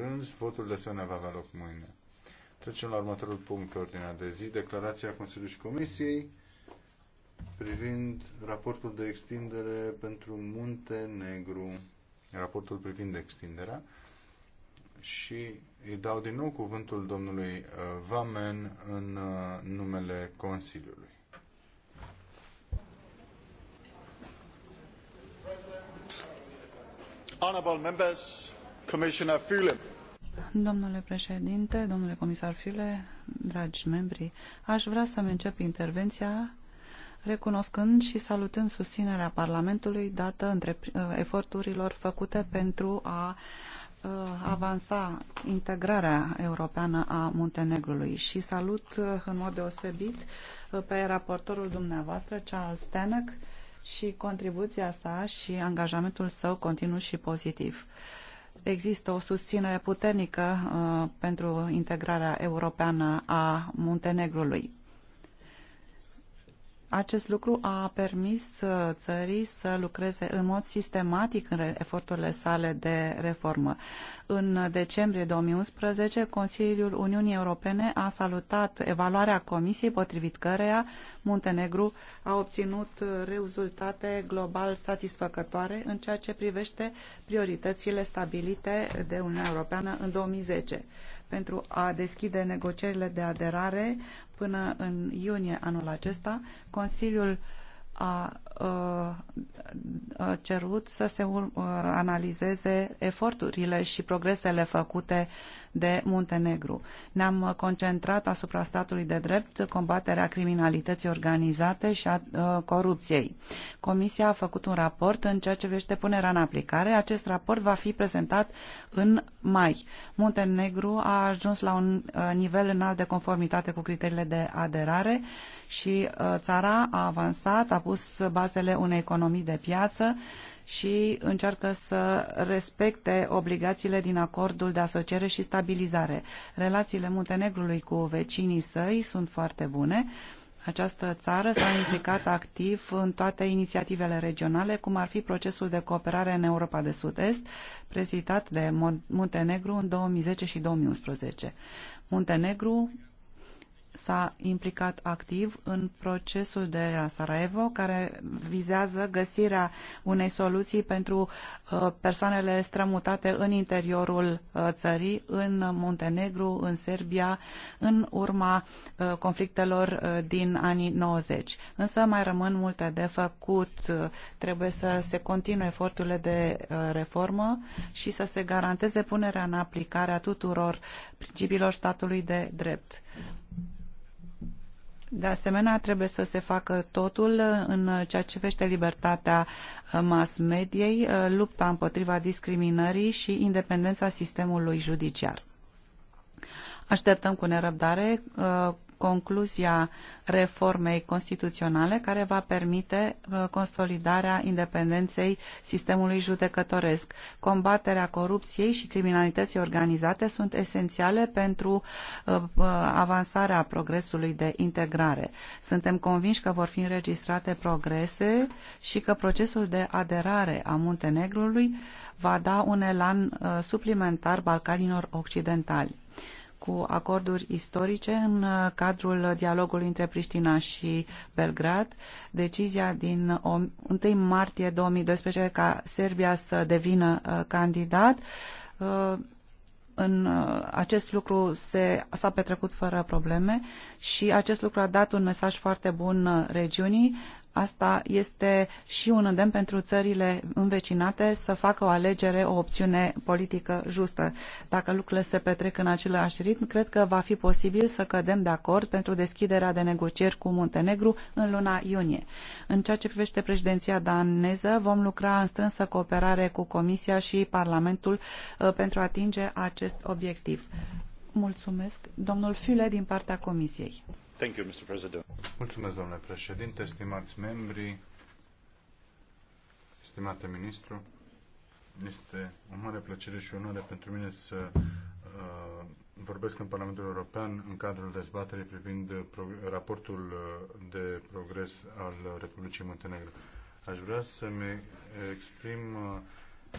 prânz. Votul de asemenea va avea loc mâine. Trecem la următorul punct pe ordinea de zi. Declarația Consiliului și Comisiei privind raportul de extindere pentru Negru, Raportul privind extinderea. Și îi dau din nou cuvântul domnului uh, Vamen în uh, numele Consiliului. honourable members commissioner Fulham. Domnule președinte, domnule comisar File, dragi membri, aș vrea să-mi încep intervenția recunoscând și salutând susținerea Parlamentului dată între uh, eforturilor făcute pentru a uh, avansa integrarea europeană a Muntenegrului și salut uh, în mod deosebit pe raportorul dumneavoastră, Charles Stanek, și contribuția sa și angajamentul său continuu și pozitiv. Uh, există o susținere puternică uh, pentru integrarea europeană a Muntenegrului. Acest lucru a permis uh, țării să lucreze în mod sistematic în eforturile sale de reformă. În decembrie 2011, Consiliul Uniunii Europene a salutat evaluarea Comisiei potrivit căreia Muntenegru a obținut uh, rezultate global satisfăcătoare în ceea ce privește prioritățile stabilite de Uniunea Europeană în 2010 pentru a deschide negocierile de aderare până în iunie anul acesta. Consiliul a, a cerut să se analizeze eforturile și progresele făcute de Muntenegru. Ne-am concentrat asupra statului de drept, combaterea criminalității organizate și a, a corupției. Comisia a făcut un raport în ceea ce privește punerea în aplicare. Acest raport va fi prezentat în mai. Muntenegru a ajuns la un nivel înalt de conformitate cu criteriile de aderare și uh, țara a avansat, a pus bazele unei economii de piață și încearcă să respecte obligațiile din acordul de asociere și stabilizare. Relațiile Muntenegrului cu vecinii săi sunt foarte bune. Această țară s-a implicat activ în toate inițiativele regionale, cum ar fi procesul de cooperare în Europa de Sud-Est, prezidat de Muntenegru în 2010 și 2011. Muntenegru s-a implicat activ în procesul de la Sarajevo care vizează găsirea unei soluții pentru uh, persoanele strămutate în interiorul uh, țării, în Muntenegru, în Serbia, în urma uh, conflictelor din anii 90. Însă mai rămân multe de făcut. Trebuie să se continue eforturile de reformă și să se garanteze punerea în aplicare a tuturor principiilor statului de drept. De asemenea, trebuie să se facă totul în ceea ce privește libertatea uh, mass mediei, uh, lupta împotriva discriminării și independența sistemului judiciar. Așteptăm cu nerăbdare uh, concluzia reformei constituționale care va permite uh, consolidarea independenței sistemului judecătoresc. Combaterea corupției și criminalității organizate sunt esențiale pentru uh, uh, avansarea progresului de integrare. Suntem convinși că vor fi înregistrate progrese și că procesul de aderare a Muntenegrului va da un elan suplimentar Balcanilor Occidentali cu acorduri istorice în uh, cadrul dialogului între Priștina și Belgrad. Decizia din 1 martie 2012 ca Serbia să devină uh, candidat uh, în acest lucru s-a petrecut fără probleme și acest lucru a dat un mesaj foarte bun regiunii Asta este și un îndemn pentru țările învecinate să facă o alegere, o opțiune politică justă. Dacă lucrurile se petrec în același ritm, cred că va fi posibil să cădem de acord pentru deschiderea de negocieri cu Muntenegru în luna iunie. În ceea ce privește președinția daneză, vom lucra în strânsă cooperare cu Comisia și Parlamentul uh, pentru a atinge acest obiectiv. Mulțumesc. Domnul fiule din partea Comisiei. Thank you, Mr. President. Mulțumesc, domnule președinte, stimați membri, stimate ministru. Este o mare plăcere și onoare pentru mine să uh, vorbesc în Parlamentul European în cadrul dezbaterii privind raportul uh, de progres al Republicii Muntenegru. Aș vrea să-mi exprim uh,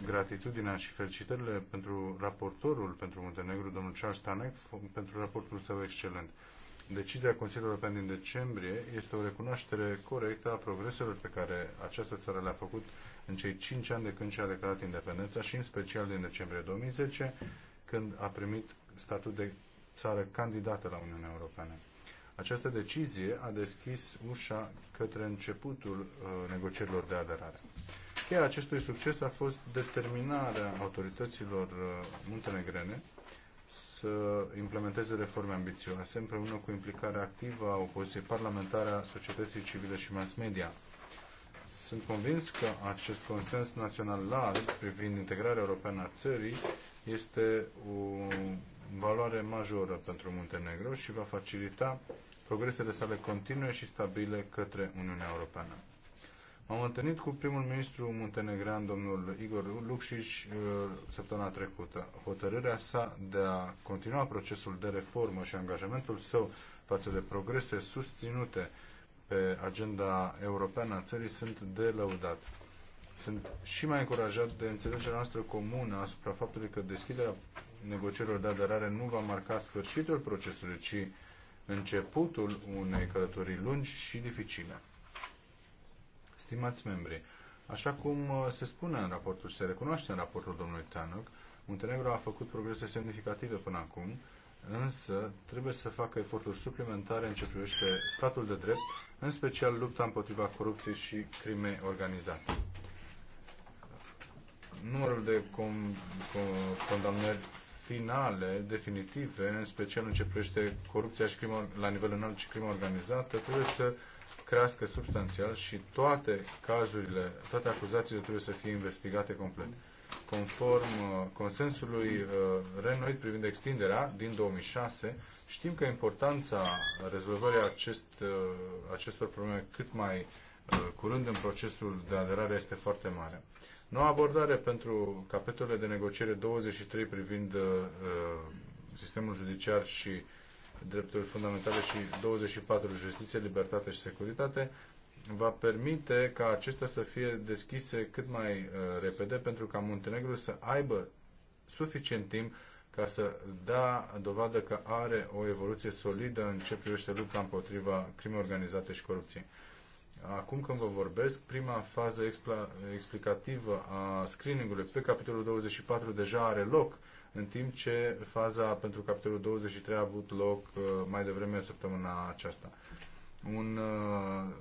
gratitudinea și felicitările pentru raportorul pentru Muntenegru, domnul Charles Stanek, pentru raportul său excelent. Decizia Consiliului European din decembrie este o recunoaștere corectă a progreselor pe care această țară le-a făcut în cei 5 ani de când și-a declarat independența și în special din decembrie 2010, când a primit statut de țară candidată la Uniunea Europeană. Această decizie a deschis ușa către începutul uh, negocierilor de aderare. Cheia acestui succes a fost determinarea autorităților uh, muntenegrene să implementeze reforme ambițioase împreună cu implicarea activă a opoziției parlamentare, a societății civile și mass media. Sunt convins că acest consens național larg privind integrarea europeană a țării este o valoare majoră pentru Muntenegro și va facilita progresele sale continue și stabile către Uniunea Europeană. M-am întâlnit cu primul ministru muntenegran, domnul Igor Lukšić uh, săptămâna trecută. Hotărârea sa de a continua procesul de reformă și angajamentul său față de progrese susținute pe agenda europeană a țării sunt de lăudat. Sunt și mai încurajat de înțelegerea noastră comună asupra faptului că deschiderea negocierilor de aderare nu va marca sfârșitul procesului, ci începutul unei călătorii lungi și dificile. Stimați membri, așa cum uh, se spune în raportul și se recunoaște în raportul domnului Tanuc, Muntenegro a făcut progrese semnificative până acum, însă trebuie să facă eforturi suplimentare în ce privește statul de drept, în special lupta împotriva corupției și crime organizate. Numărul de con- con- condamnări finale, definitive, în special în ce privește corupția și crimă, la nivel înalt și crimă organizată, trebuie să crească substanțial și toate cazurile, toate acuzațiile trebuie să fie investigate complet. Conform uh, consensului uh, renoit privind extinderea din 2006, știm că importanța rezolvării acest, uh, acestor probleme cât mai curând în procesul de aderare este foarte mare. Noua abordare pentru capitolele de negociere 23 privind uh, uh, sistemul judiciar și drepturile fundamentale și 24 justiție, libertate și securitate va permite ca acestea să fie deschise cât mai uh, repede pentru ca Muntenegru să aibă suficient timp ca să dea dovadă că are o evoluție solidă în ce privește lupta împotriva crimei organizate și corupției. Acum când vă vorbesc, prima fază explicativă a screeningului pe capitolul 24 deja are loc, în timp ce faza pentru capitolul 23 a avut loc uh, mai devreme săptămâna aceasta. Un uh,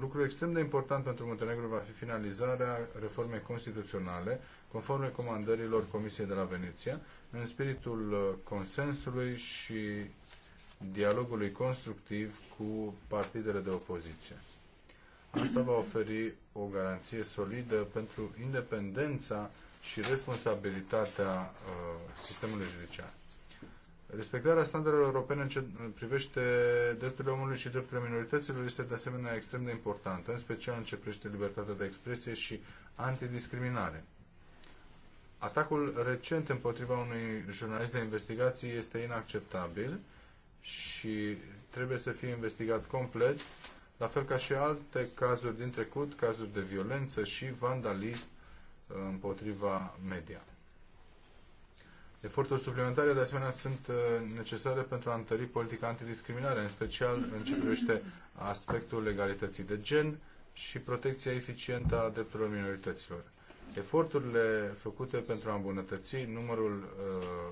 lucru extrem de important pentru Muntenegru va fi finalizarea reformei constituționale, conform recomandărilor Comisiei de la Veneția, în spiritul uh, consensului și dialogului constructiv cu partidele de opoziție. Asta va oferi o garanție solidă pentru independența și responsabilitatea uh, sistemului judiciar. Respectarea standardelor europene în ce privește drepturile omului și drepturile minorităților este de asemenea extrem de importantă, în special în ce privește libertatea de expresie și antidiscriminare. Atacul recent împotriva unui jurnalist de investigații este inacceptabil și trebuie să fie investigat complet la fel ca și alte cazuri din trecut, cazuri de violență și vandalism împotriva media. Eforturi suplimentare, de asemenea, sunt uh, necesare pentru a întări politica antidiscriminare, în special în ce privește aspectul legalității de gen și protecția eficientă a drepturilor minorităților. Eforturile făcute pentru a îmbunătăți numărul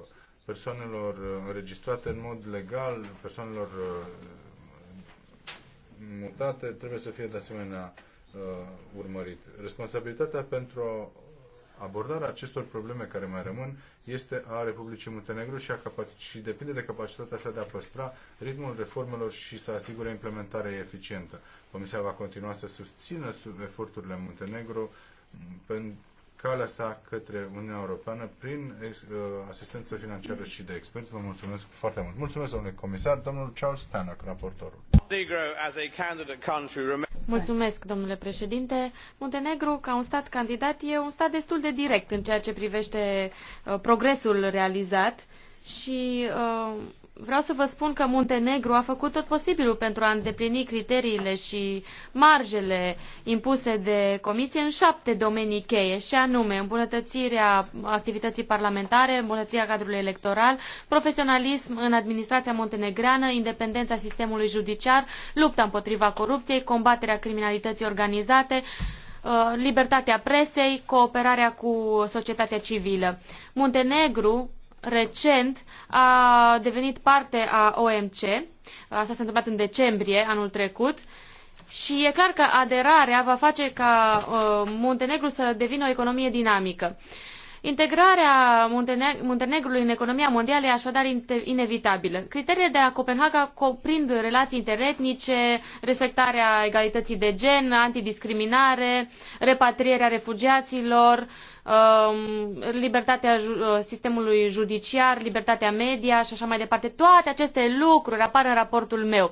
uh, persoanelor înregistrate în mod legal, persoanelor uh, mutate trebuie să fie de asemenea uh, urmărit. Responsabilitatea pentru abordarea acestor probleme care mai rămân este a Republicii Muntenegru și, a și depinde de capacitatea sa de a păstra ritmul reformelor și să asigure implementarea eficientă. Comisia va continua să susțină eforturile Muntenegru calea sa către Uniunea Europeană prin uh, asistență financiară și de experți. Vă mulțumesc foarte mult. Mulțumesc, domnule comisar. Domnul Charles Tannock raportorul. Mulțumesc, domnule președinte. Muntenegru, ca un stat candidat, e un stat destul de direct în ceea ce privește uh, progresul realizat și uh, vreau să vă spun că Muntenegru a făcut tot posibilul pentru a îndeplini criteriile și marjele impuse de comisie în șapte domenii cheie, și anume îmbunătățirea activității parlamentare, îmbunătățirea cadrului electoral, profesionalism în administrația montenegreană, independența sistemului judiciar, lupta împotriva corupției, combaterea criminalității organizate, uh, libertatea presei, cooperarea cu societatea civilă. Muntenegru recent a devenit parte a OMC. Asta s-a întâmplat în decembrie anul trecut. Și e clar că aderarea va face ca uh, Muntenegru să devină o economie dinamică. Uh, Integrarea Muntenegrului în economia mondială e așadar inevitabilă. Criteriile de la Copenhaga cuprind relații interetnice, respectarea egalității de gen, antidiscriminare, repatrierea refugiaților, um, libertatea uh, sistemului judiciar, libertatea media și așa mai departe. Toate aceste lucruri apar în raportul meu.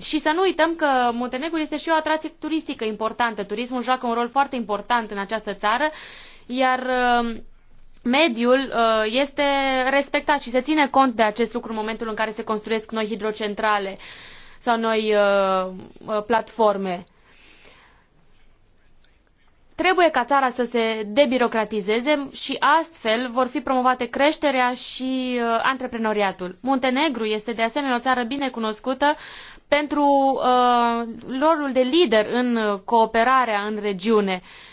Și să nu uităm că Muntenegru este și o atracție turistică importantă. Turismul joacă un rol foarte important în această țară, iar um, mediul uh, este respectat și se ține cont de acest lucru în momentul în care se construiesc noi hidrocentrale sau noi uh, uh, platforme. Trebuie ca țara să se debirocratizeze și astfel vor fi promovate creșterea și antreprenoriatul. Muntenegru este de asemenea o țară bine cunoscută pentru uh, rolul de lider în cooperarea în regiune. Uh,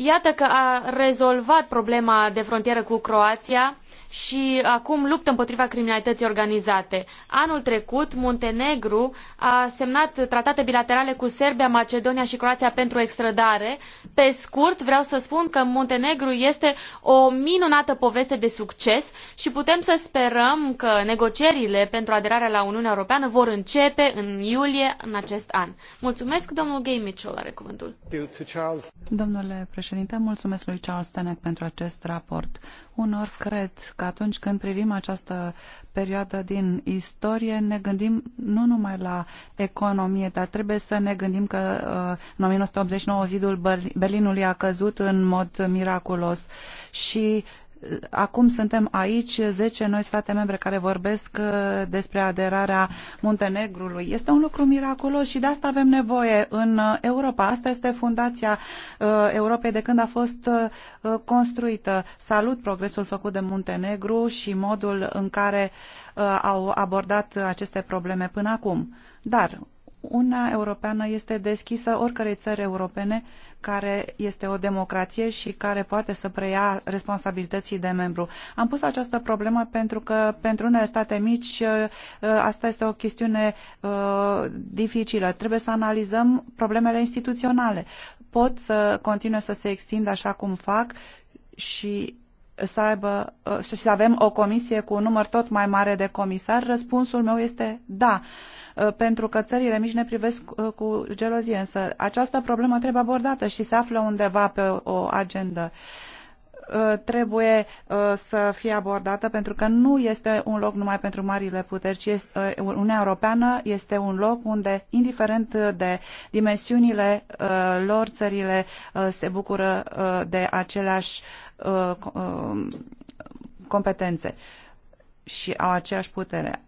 Iată că a rezolvat problema de frontieră cu Croația și acum luptă împotriva criminalității organizate. Anul trecut, Muntenegru a semnat tratate bilaterale cu Serbia, Macedonia și Croația pentru extrădare. Pe scurt, vreau să spun că Muntenegru este o minunată poveste de succes și putem să sperăm că negocierile pentru aderarea la Uniunea Europeană vor începe în iulie în acest an. Mulțumesc, domnul Gay Mitchell are cuvântul. Domnule președinte, președinte. Mulțumesc lui Charles Tenet pentru acest raport. Unor cred că atunci când privim această perioadă din istorie, ne gândim nu numai la economie, dar trebuie să ne gândim că uh, în 1989 zidul Berlinului a căzut în mod miraculos și Acum suntem aici 10 noi state membre care vorbesc uh, despre aderarea Muntenegrului. Este un lucru miraculos și de asta avem nevoie în uh, Europa. Asta este fundația uh, Europei de când a fost construită. Salut progresul făcut de Muntenegru și modul în care au abordat aceste probleme până acum. Dar Uniunea Europeană este deschisă oricărei țări europene care este o democrație și care poate să preia responsabilității de membru. Am pus această problemă pentru că pentru unele state mici uh, asta este o chestiune uh, dificilă. Trebuie să analizăm problemele instituționale. Pot să continue să se extindă așa cum fac și să, aibă, uh, și să avem o comisie cu un număr tot mai mare de comisari? Răspunsul meu este da, uh, pentru că țările mici ne privesc uh, cu gelozie, însă această problemă trebuie abordată și se află undeva pe o agendă trebuie să fie abordată pentru că nu este un loc numai pentru marile puteri, ci Uniunea Europeană este un loc unde, indiferent de dimensiunile lor, țările se bucură de aceleași Uh, uh, competențe și au aceeași putere.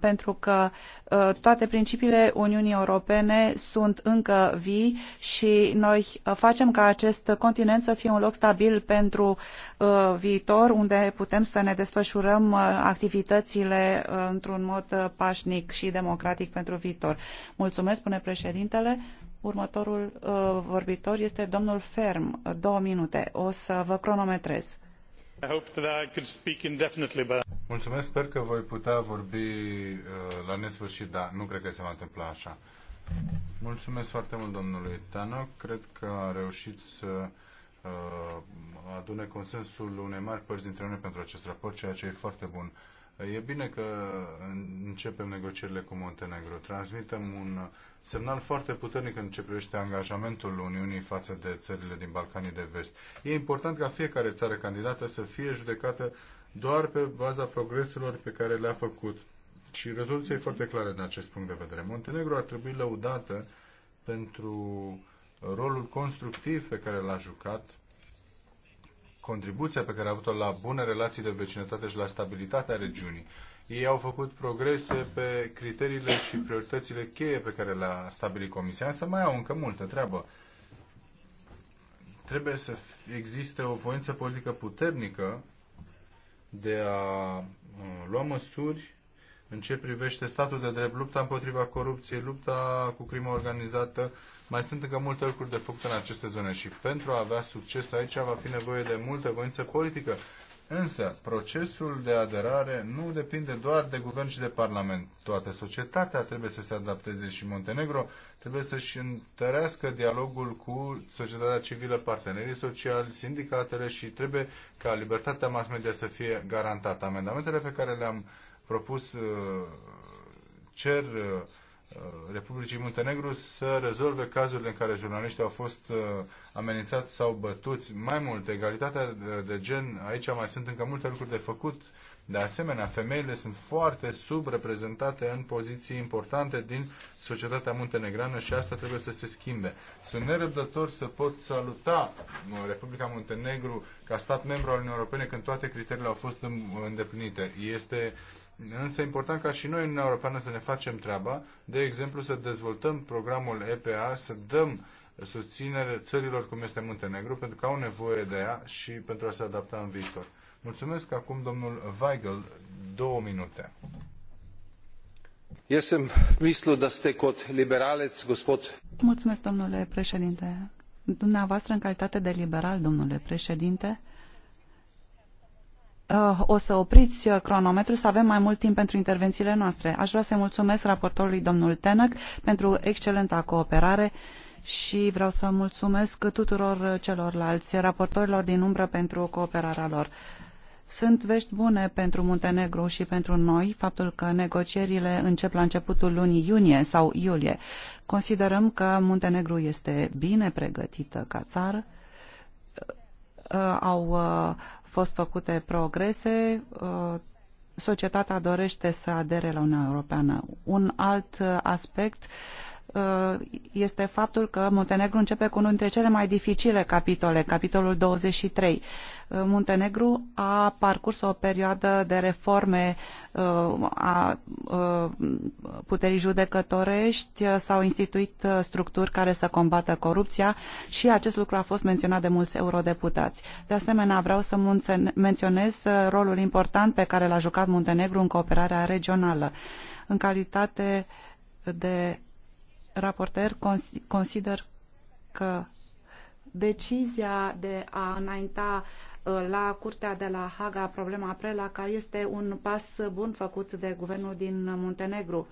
Pentru că uh, toate principiile Uniunii Europene sunt încă vii și noi uh, facem ca acest continent să fie un loc stabil pentru uh, viitor, unde putem să ne desfășurăm uh, activitățile într-un mod pașnic și democratic pentru viitor. Mulțumesc, spune președintele. Următorul uh, vorbitor este domnul Ferm. Două minute. O să vă cronometrez. Mulțumesc, sper că voi putea vorbi uh, la nesfârșit, dar nu cred că se va întâmpla așa. Mulțumesc foarte mult domnului Tanoc. Cred că a reușit să uh, adune consensul unei mari părți dintre noi pentru acest raport, ceea ce e foarte bun. E bine că începem negocierile cu Montenegro. Transmitem un semnal foarte puternic în ce privește angajamentul Uniunii față de țările din Balcanii de Vest. E important ca fiecare țară candidată să fie judecată doar pe baza progreselor pe care le-a făcut. Și rezoluția e foarte clară din acest punct de vedere. Montenegro ar trebui lăudată pentru rolul constructiv pe care l-a jucat contribuția pe care a avut-o la bune relații de vecinătate și la stabilitatea regiunii. Ei au făcut progrese pe criteriile și prioritățile cheie pe care le-a stabilit Comisia, însă mai au încă multă treabă. Trebuie să existe o voință politică puternică de a uh, lua măsuri în ce privește statul de drept, lupta împotriva corupției, lupta cu crimă organizată, mai sunt încă multe lucruri de făcut în aceste zone și pentru a avea succes aici va fi nevoie de multă voință politică. Însă, procesul de aderare nu depinde doar de guvern și de parlament. Toată societatea trebuie să se adapteze și Montenegro trebuie să-și întărească dialogul cu societatea civilă, partenerii sociali, sindicatele și trebuie ca libertatea mass media să fie garantată. Amendamentele pe care le-am propus uh, cer uh, uh, Republicii Muntenegru să rezolve cazurile în care jurnaliștii au fost amenințați sau bătuți. Mai mult, egalitatea de gen, aici mai sunt încă multe lucruri de făcut. De asemenea, femeile sunt foarte subreprezentate în poziții importante din societatea muntenegrană și asta trebuie să se schimbe. Sunt nerăbdător să pot saluta Republica Muntenegru ca stat membru al Uniunii Europene când toate criteriile au fost îndeplinite. Este Însă e important ca și noi în Uniunea Europeană să ne facem treaba, de exemplu să dezvoltăm programul EPA, să dăm susținere țărilor cum este Muntenegru, pentru că au nevoie de ea și pentru a se adapta în viitor. Mulțumesc acum domnul Weigel, două minute. Jesem mislu da ste kot liberalec, gospod. Mulțumesc, domnule președinte. Dumneavoastră, în calitate de liberal, domnule președinte, Uh, o să opriți uh, cronometrul să avem mai mult timp pentru intervențiile noastre. Aș vrea să mulțumesc raportorului domnul Tenăc pentru excelenta cooperare și vreau să mulțumesc tuturor uh, celorlalți raportorilor din umbră pentru cooperarea lor. Sunt vești bune pentru Muntenegru și pentru noi faptul că negocierile încep la începutul lunii iunie sau iulie. Considerăm că Muntenegru este bine pregătită ca țară au fost făcute progrese. Uh, societatea dorește să adere la Uniunea Europeană. Un alt uh, aspect Uh, este faptul că Muntenegru începe cu unul dintre cele mai dificile capitole, capitolul 23. Uh, Muntenegru a parcurs o perioadă de reforme uh, a puterii judecătorești, s-au instituit structuri care să combată corupția și acest lucru a fost menționat de mulți eurodeputați. De asemenea, vreau să menționez rolul important pe care l-a jucat Muntenegru în cooperarea regională. În calitate de raporter, consider că decizia de a înainta uh, la Curtea de la Haga problema Prelaca este un pas bun făcut de guvernul din Muntenegru.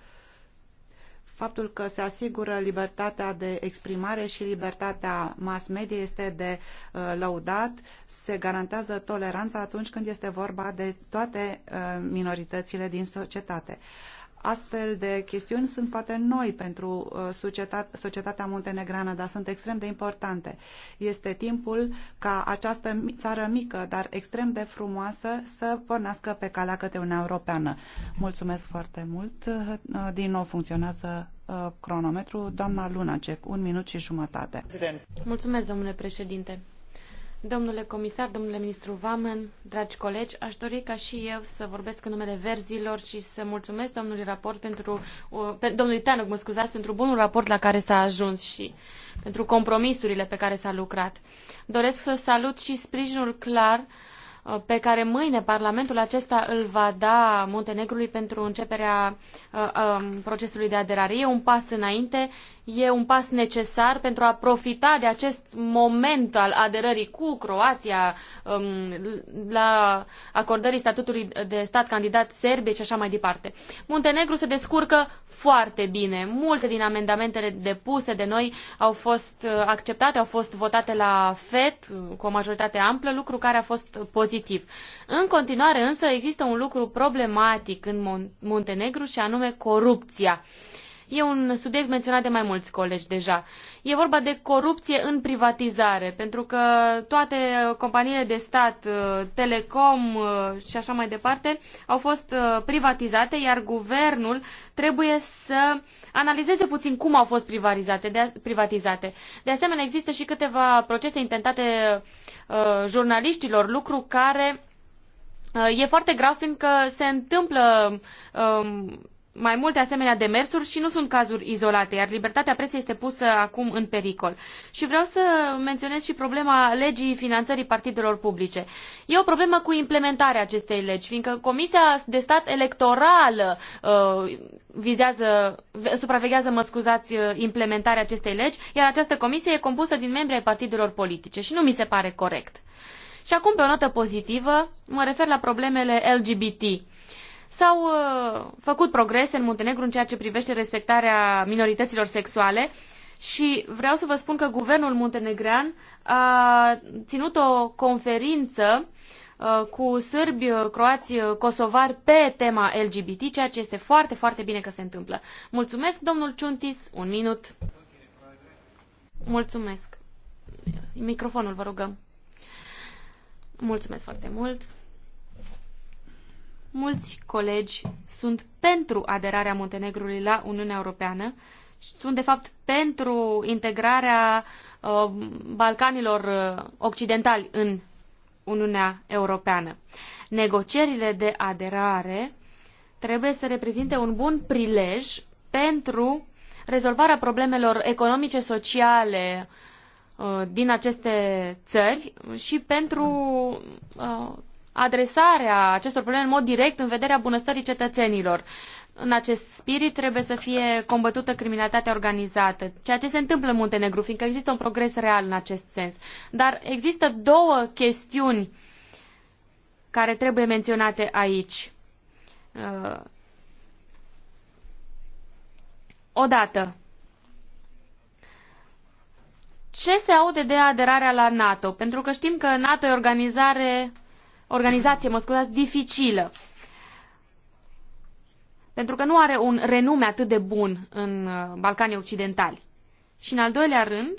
Faptul că se asigură libertatea de exprimare și libertatea mass media este de uh, lăudat, se garantează toleranța atunci când este vorba de toate uh, minoritățile din societate. Uh, Astfel de chestiuni sunt poate noi pentru uh, societatea muntenegrană, dar sunt extrem de importante. Este timpul ca această țară mică, dar extrem de frumoasă, să pornească pe calea către Uniunea Europeană. Mulțumesc foarte mult. Uh, din nou funcționează uh, cronometru. Doamna Lunacek, un minut și jumătate. Mulțumesc, domnule președinte. Domnule comisar, domnule ministru Vamen, dragi colegi, aș dori ca și eu să vorbesc în numele verzilor și să mulțumesc domnului raport pentru, pe, domnului Tanuc, mă scuzați, pentru bunul raport la care s-a ajuns și pentru compromisurile pe care s-a lucrat. Doresc să salut și sprijinul clar uh, pe care mâine Parlamentul acesta îl va da Muntenegrului pentru începerea uh, um, procesului de aderare. E un pas înainte e un pas necesar pentru a profita de acest moment al aderării cu Croația um, la acordării statutului de stat candidat Serbiei și așa mai departe. Muntenegru se descurcă foarte bine. Multe din amendamentele depuse de noi au fost uh, acceptate, au fost votate la FET cu o majoritate amplă, lucru care a fost pozitiv. În continuare însă există un lucru problematic în Muntenegru și anume corupția. Uh, E un subiect menționat de mai mulți colegi deja. E vorba de corupție în privatizare, pentru că toate companiile de stat, uh, telecom uh, și așa mai departe, au fost uh, privatizate, iar guvernul trebuie să analizeze puțin cum au fost privatizate. De, privatizate. de asemenea, există și câteva procese intentate uh, jurnaliștilor, lucru care uh, e foarte grav fiindcă se întâmplă um, mai multe asemenea demersuri și nu sunt cazuri izolate, iar libertatea presei este pusă acum în pericol. Și vreau să menționez și problema legii finanțării partidelor publice. E o problemă cu implementarea acestei legi, fiindcă Comisia de Stat Electorală uh, vizează, supraveghează, mă scuzați, uh, implementarea acestei legi, iar această comisie e compusă din membri ai partidelor politice și nu mi se pare corect. Și acum, pe o notă pozitivă, mă refer la problemele LGBT. S-au uh, făcut progrese în Muntenegru în ceea ce privește respectarea minorităților sexuale și vreau să vă spun că guvernul muntenegrean a ținut o conferință uh, cu sârbi, uh, croați, kosovari pe tema LGBT, ceea ce este foarte, foarte bine că se întâmplă. Mulțumesc, domnul Ciuntis. Un minut. Mulțumesc. Microfonul, vă rugăm. Mulțumesc foarte mult mulți colegi sunt pentru aderarea Muntenegrului la Uniunea Europeană și sunt, de fapt, pentru integrarea uh, Balcanilor uh, Occidentali în Uniunea Europeană. Negocierile de aderare trebuie să reprezinte un bun prilej pentru rezolvarea problemelor economice, sociale uh, din aceste țări și pentru uh, adresarea acestor probleme în mod direct în vederea bunăstării cetățenilor. În acest spirit trebuie să fie combătută criminalitatea organizată, ceea ce se întâmplă în Muntenegru, fiindcă există un progres real în acest sens. Dar există două chestiuni care trebuie menționate aici. Uh, odată, ce se aude de aderarea la NATO? Pentru că știm că NATO e o organizare organizație, mă scuzați, dificilă. Pentru că nu are un renume atât de bun în uh, Balcanii Occidentali. Și în al doilea rând,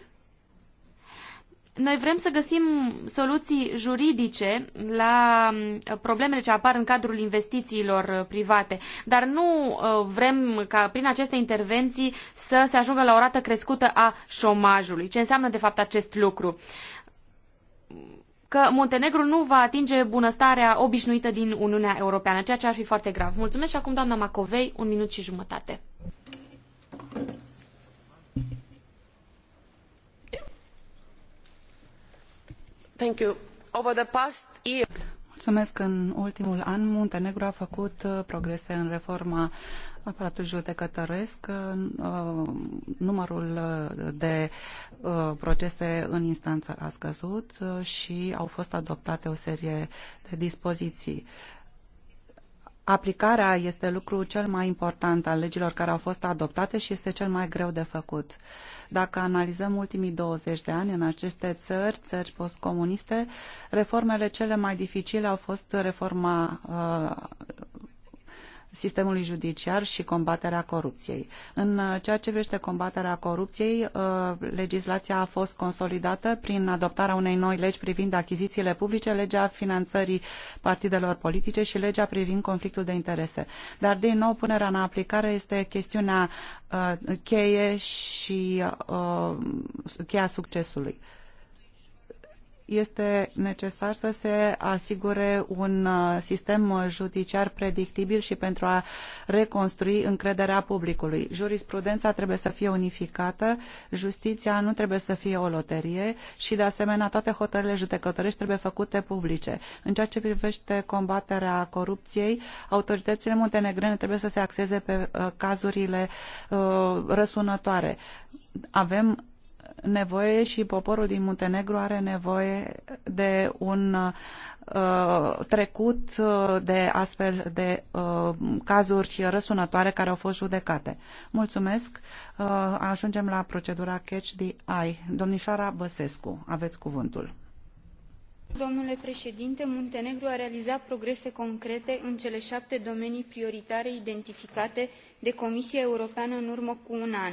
noi vrem să găsim soluții juridice la um, problemele ce apar în cadrul investițiilor uh, private, dar nu uh, vrem ca prin aceste intervenții să se ajungă la o rată crescută a șomajului. Ce înseamnă de fapt acest lucru? că Montenegru nu va atinge bunăstarea obișnuită din Uniunea Europeană, ceea ce ar fi foarte grav. Mulțumesc și acum doamna Macovei, un minut și jumătate. Thank you. Over the past year... Mulțumesc. În ultimul an, Muntenegru a făcut uh, progrese în reforma aparatului judecătoresc. Uh, uh, numărul de procese în instanță a scăzut și au fost adoptate o serie de dispoziții. Aplicarea este lucrul cel mai important al legilor care au fost adoptate și este cel mai greu de făcut. Dacă analizăm ultimii 20 de ani în aceste țări, țări postcomuniste, reformele cele mai dificile au fost reforma uh, sistemului judiciar și combaterea corupției. În uh, ceea ce privește combaterea corupției, uh, legislația a fost consolidată prin adoptarea unei noi legi privind achizițiile publice, legea finanțării partidelor politice și legea privind conflictul de interese. Dar, din nou, punerea în aplicare este chestiunea uh, cheie și cheia succesului este necesar să se asigure un uh, sistem judiciar predictibil și pentru a reconstrui încrederea publicului. Jurisprudența trebuie să fie unificată, justiția nu trebuie să fie o loterie și, de asemenea, toate hotările judecătorești trebuie făcute publice. În ceea ce privește combaterea corupției, autoritățile muntenegrene trebuie să se axeze pe uh, cazurile uh, răsunătoare. Avem nevoie și poporul din Muntenegru are nevoie de un uh, trecut uh, de astfel de uh, cazuri și răsunătoare care au fost judecate. Mulțumesc. Uh, ajungem la procedura catch the eye. Domnișoara Băsescu, aveți cuvântul. Domnule președinte, Muntenegru a realizat progrese concrete în cele șapte domenii prioritare identificate de Comisia Europeană în urmă cu un an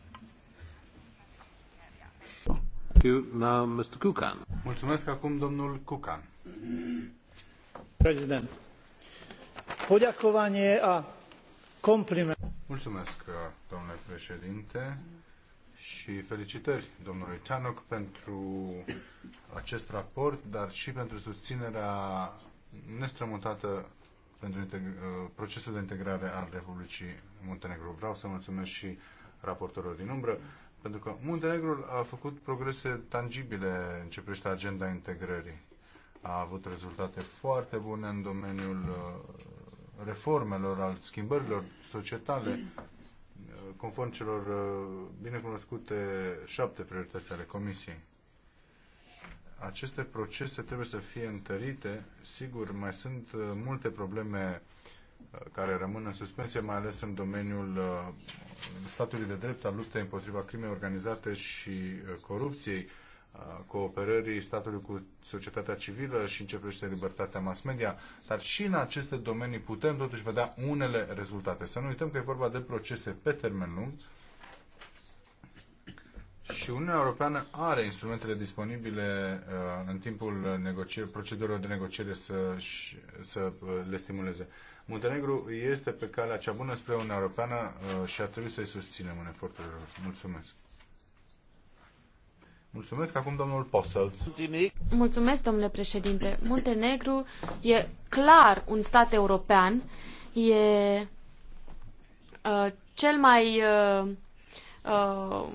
Uh, mulțumesc acum domnul Cucan. Prezident. Poďakovanie a compliment. Mulțumesc, uh, domnule președinte, și felicitări domnului Tanok pentru acest raport, dar și pentru susținerea nestrămutată pentru uh, procesul de integrare al Republicii Muntenegru. Vreau să mulțumesc și raportorilor din umbră. Pentru că Muntenegrul a făcut progrese tangibile în ce privește agenda integrării. A avut rezultate foarte bune în domeniul uh, reformelor, al schimbărilor societale, uh, conform celor uh, binecunoscute șapte priorități ale Comisiei. Aceste procese trebuie să fie întărite. Sigur, mai sunt multe probleme care rămân în suspensie, mai ales în domeniul uh, statului de drept, al luptei împotriva crimei organizate și uh, corupției, uh, cooperării statului cu societatea civilă și începește libertatea mass media, dar și în aceste domenii putem totuși vedea unele rezultate. Să nu uităm că e vorba de procese pe termen lung și Uniunea Europeană are instrumentele disponibile în timpul negocier, procedurilor de negociere să, să le stimuleze. Muntenegru este pe calea cea bună spre Uniunea Europeană uh, și ar trebui să-i susținem în efortul lor. Mulțumesc! Mulțumesc acum domnul Posselt. Mulțumesc, domnule președinte. Muntenegru e clar un stat european, e uh, cel mai uh, uh,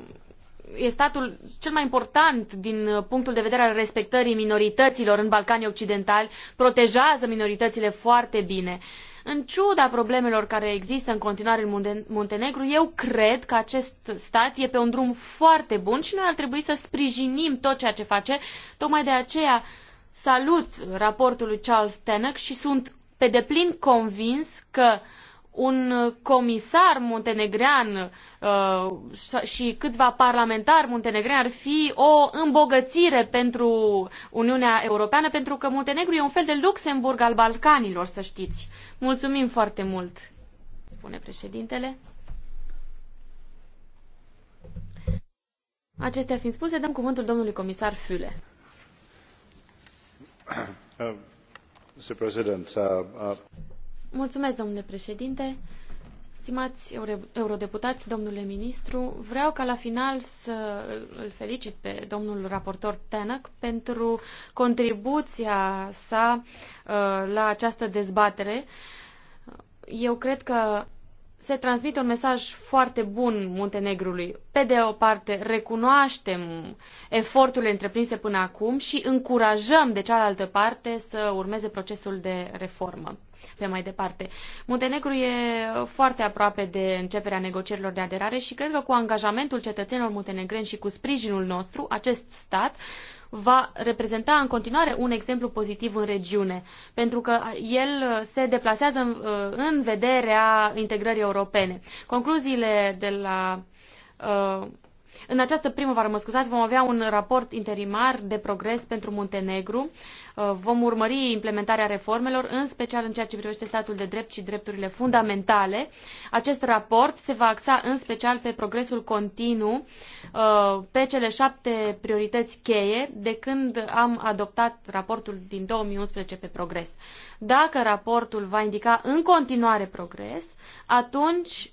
e statul cel mai important din punctul de vedere al respectării minorităților în Balcanii Occidentali, protejează minoritățile foarte bine. Uh, în ciuda problemelor care există în continuare în Muntenegru, eu cred că acest stat e pe un drum foarte bun și noi ar trebui să sprijinim tot ceea ce face. Tocmai de aceea salut raportul lui Charles Tannock și sunt pe deplin convins că uh, un comisar muntenegrean uh, și câțiva parlamentari muntenegreani ar fi o îmbogățire pentru Uniunea Europeană, pentru că Muntenegru e un fel de Luxemburg al Balcanilor, să știți. Mulțumim foarte mult, spune președintele. Acestea fiind spuse, dăm cuvântul domnului comisar Füle. Uh, Mr. President, uh, uh... Mulțumesc, domnule președinte. Stimați eurodeputați, domnule ministru, vreau ca la final să îl felicit pe domnul raportor Tenac pentru contribuția sa uh, la această dezbatere. Eu cred că se transmite un mesaj foarte bun Muntenegrului. Pe de o parte, recunoaștem eforturile întreprinse până acum și încurajăm de cealaltă parte să urmeze procesul de reformă pe mai departe. Muntenegru e foarte aproape de începerea negocierilor de aderare și cred că cu angajamentul cetățenilor muntenegreni și cu sprijinul nostru, acest stat va reprezenta în continuare un exemplu pozitiv în regiune, pentru că el se deplasează în, uh, în vederea integrării europene. Concluziile de la uh, în această primăvară, mă scuzați, vom avea un raport interimar de progres pentru Muntenegru. Uh, vom urmări implementarea reformelor, în special în ceea ce privește statul de drept și drepturile fundamentale. Acest raport se va axa în special pe progresul continuu, uh, pe cele șapte priorități cheie de când am adoptat raportul din 2011 pe progres. Dacă raportul va indica în continuare progres, atunci,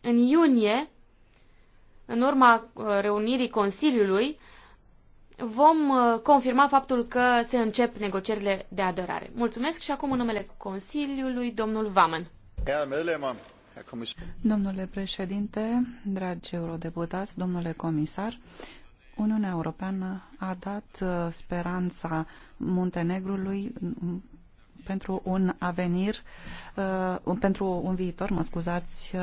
în iunie, în urma uh, reunirii Consiliului, vom uh, confirma faptul că se încep negocierile de aderare. Mulțumesc și acum în numele Consiliului, domnul Vaman. Domnule președinte, dragi eurodeputați, domnule comisar, Uniunea Europeană a dat uh, speranța Muntenegrului mm, pentru un avenir, pentru un viitor, mă scuzați,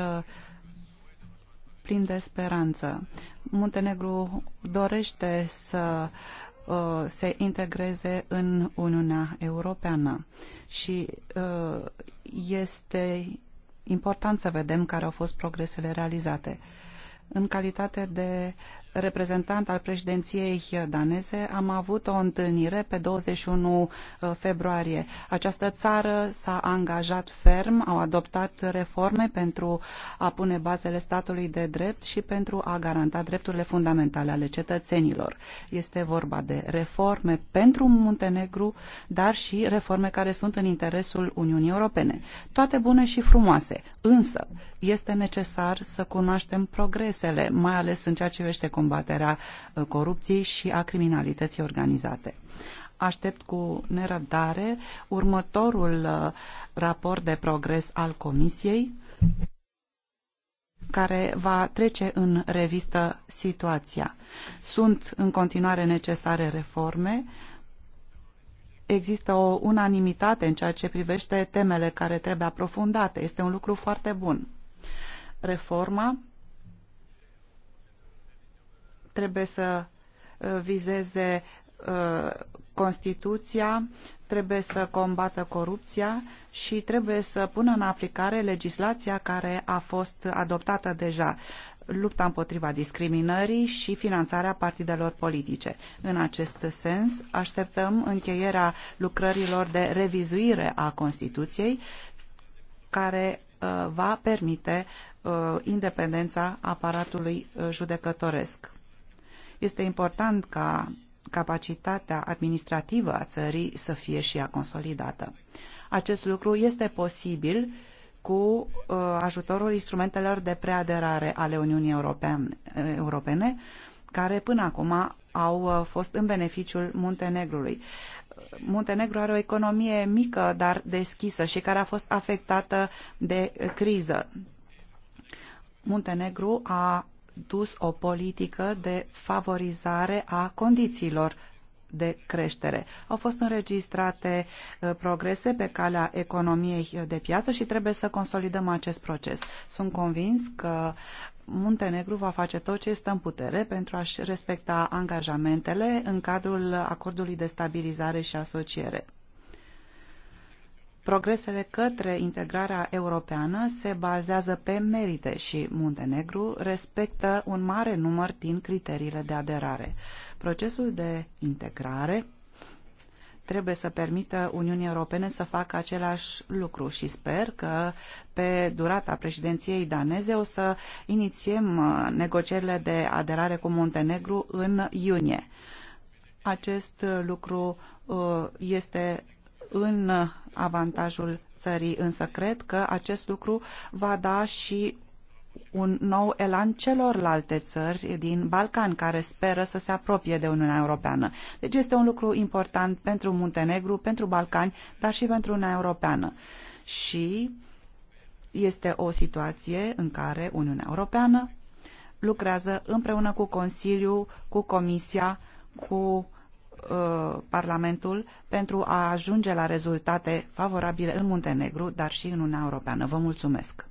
plin de speranță. Muntenegru dorește să uh, se integreze în Uniunea Europeană și uh, este important să vedem care au fost progresele realizate. În calitate de reprezentant al președinției daneze, am avut o întâlnire pe 21 uh, februarie. Această țară s-a angajat ferm, au adoptat reforme pentru a pune bazele statului de drept și pentru a garanta drepturile fundamentale ale cetățenilor. Este vorba de reforme pentru Muntenegru, dar și reforme care sunt în interesul Uniunii Europene. Toate bune și frumoase, însă este necesar să cunoaștem progresele, mai ales în ceea ce vește combaterea ă, corupției și a criminalității organizate. Aștept cu nerăbdare următorul ă, raport de progres al Comisiei care va trece în revistă situația. Sunt în continuare necesare reforme, există o unanimitate în ceea ce privește temele care trebuie aprofundate. Este un lucru foarte bun. Reforma trebuie să uh, vizeze uh, Constituția, trebuie să combată corupția și trebuie să pună în aplicare legislația care a fost adoptată deja lupta împotriva discriminării și finanțarea partidelor politice. În acest sens, așteptăm încheierea lucrărilor de revizuire a Constituției, care Uh, va permite uh, independența aparatului uh, judecătoresc. Este important ca capacitatea administrativă a țării să fie și ea consolidată. Acest lucru este posibil cu ajutorul instrumentelor de preaderare ale Uniunii Europene, care până acum au fost în beneficiul Muntenegrului. Muntenegru are o economie mică, dar deschisă și care a fost afectată de criză. Muntenegru a dus o politică de favorizare a condițiilor de creștere. Au fost înregistrate uh, progrese pe calea economiei de piață și trebuie să consolidăm acest proces. Sunt convins că Muntenegru va face tot ce stă în putere pentru a-și respecta angajamentele în cadrul acordului de stabilizare și asociere. Progresele către integrarea europeană se bazează pe merite și Muntenegru respectă un mare număr din criteriile de aderare. Procesul de integrare trebuie să permită Uniunii Europene să facă același lucru și sper că pe durata președinției daneze o să inițiem uh, negocierile de aderare cu Montenegru în iunie. Acest lucru uh, este în avantajul țării, însă cred că acest lucru va da și un nou elan celorlalte țări din Balcan care speră să se apropie de Uniunea Europeană. Deci este un lucru important pentru Muntenegru, pentru Balcani, dar și pentru Uniunea Europeană. Și este o situație în care Uniunea Europeană lucrează împreună cu Consiliul, cu Comisia, cu uh, Parlamentul pentru a ajunge la rezultate favorabile în Muntenegru, dar și în Uniunea Europeană. Vă mulțumesc!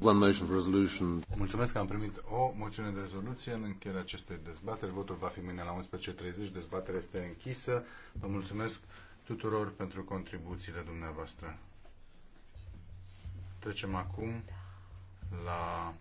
One motion for resolution. Mulțumesc că am primit o moțiune de rezoluție în încheierea acestei dezbateri. Votul va fi mâine la 11.30. Dezbaterea este închisă. Vă mulțumesc tuturor pentru contribuțiile dumneavoastră. Trecem acum la